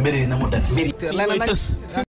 mbir yi na mu def mbir yi